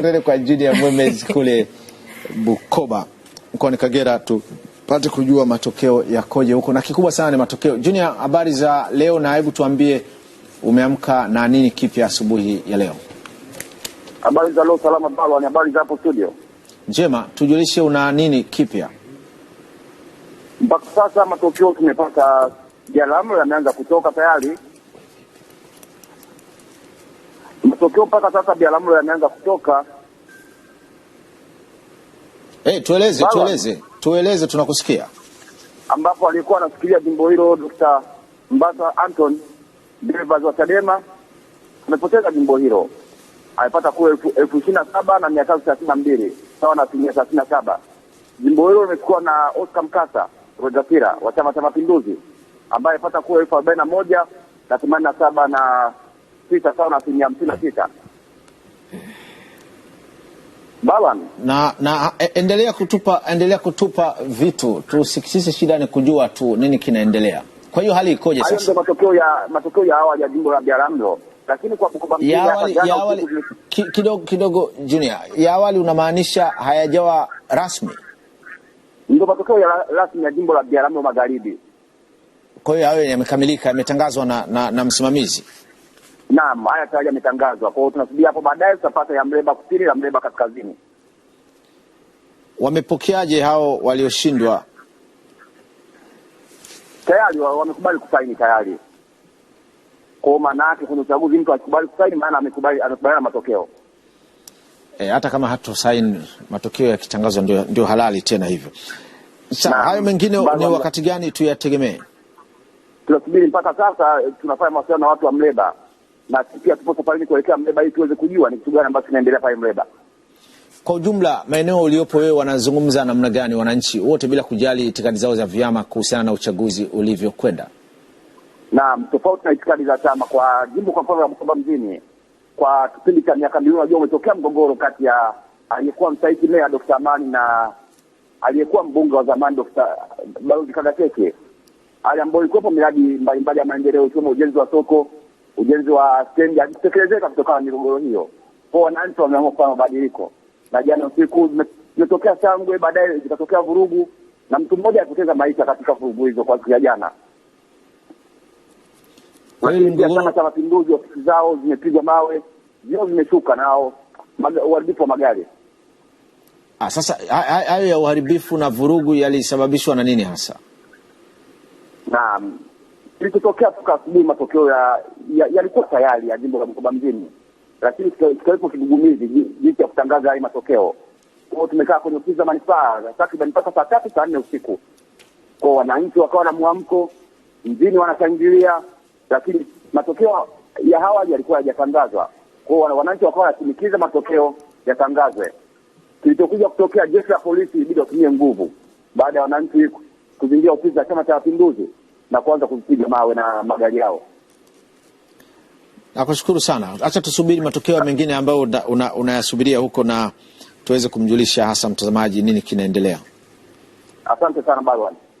tuende kwa ya Mwemez kule Bukoba mkoani Kagera tupate kujua matokeo yakoje huko, na kikubwa sana ni matokeo. Junior, habari za leo, na hebu tuambie umeamka na nini kipya asubuhi ya leo? Habari za leo, salama balo. Ni habari za hapo studio? Njema, tujulishe una nini kipya mpaka sasa. Matokeo tumepata, jalamu yameanza kutoka tayari matokeo mpaka sasa Bialamlo yameanza kutoka. Hey, eh, tueleze Tueleze tueleze, tunakusikia. Ambapo alikuwa anafikiria jimbo hilo Dr. Mbasa Anton Bevaz wa Chadema amepoteza jimbo hilo, amepata kura elfu ishirini na saba na mia tatu thelathini na mbili sawa na asilimia thelathini na saba. Jimbo hilo limechukua na Oscar Mkasa Rojakira wa Chama cha Mapinduzi ambaye amepata kura elfu arobaini na moja na themanini na saba na sita sawa na asilimia hamsini na sita Balan. Na, na e, endelea kutupa endelea kutupa vitu tusikisise, shida ni kujua tu nini kinaendelea. Kwa hiyo hali ikoje sasa? Hayo matokeo ya matokeo ya awali ya jimbo la Biharamulo, lakini kwa Bukoba mjini ya awali kidogo kidogo, Junior, ya awali unamaanisha hayajawa rasmi? Ndio matokeo ya rasmi ya jimbo la Biharamulo Magharibi. Kwa hiyo hayo yamekamilika, yametangazwa na, na, na msimamizi Naam, haya tayari yametangazwa. Kwa hiyo tunasubiri hapo baadaye tutapata ya Mleba kusini na Mleba kaskazini. Wamepokeaje hao walioshindwa? Tayari wamekubali kusaini tayari. Kwa maana yake kwenye uchaguzi mtu akikubali kusaini, maana amekubali, anakubaliana na matokeo e, hata kama sign matokeo yakitangazwa ndio, ndio halali tena hivyo. Sasa hayo mengine ni wakati gani tuyategemee? Tunasubiri mpaka sasa, eh, tunafanya mawasiliano na watu wa Mleba na sisi hatupo safarini kuelekea Mleba ili tuweze kujua ni kitu gani ambacho kinaendelea pale Mleba. Kwa ujumla maeneo uliopo wewe, wanazungumza namna gani wananchi wote bila kujali itikadi zao za vyama kuhusiana na uchaguzi ulivyokwenda? Naam, tofauti na itikadi za chama kwa jimbo, kwa mfano la Bukoba mjini, kwa kipindi cha miaka miwili, unajua umetokea mgogoro kati ya aliyekuwa mstahiki meya Dr. Amani na aliyekuwa mbunge wa zamani Dr. Balozi Kagateke, hali ambayo ilikuwepo miradi mbalimbali ya maendeleo ikiwemo ujenzi wa soko ujenzi wa stendi hakutekelezeka kutokana na migogoro hiyo, kwa wananchi wameamua kufanya mabadiliko, na jana usiku zimetokea shangwe, baadaye zikatokea vurugu na mtu mmoja alipoteza maisha katika vurugu hizo kwa siku ya jana. Chama cha Mapinduzi ofisi zao zimepigwa mawe, zio vimeshuka, nao uharibifu wa magari. Ah, sasa hayo ya uharibifu na vurugu yalisababishwa na nini hasa? Naam kilichotokea toka asubuhi, matokeo yalikuwa ya, ya tayari ya jimbo la Bukoba mjini, lakini kikawepo kigugumizi jinsi ya kutangaza haya matokeo. kwao. tumekaa kwenye ofisi za manispaa takriban mpaka saa tatu saa nne usiku, kwa wananchi wakawa na mwamko mjini, wanashangilia, lakini matokeo ya hawali yalikuwa hayajatangazwa. kwao. wananchi wakawa wanashinikiza matokeo yatangazwe. Kilichokuja kutokea, jeshi la polisi ilibidi watumie nguvu baada ya wananchi kuzingia ofisi za Chama cha Mapinduzi na kuanza kupiga mawe na magari yao. Nakushukuru sana, acha tusubiri matokeo mengine ambayo unayasubiria una huko na tuweze kumjulisha hasa mtazamaji nini kinaendelea. Asante sana Barwan.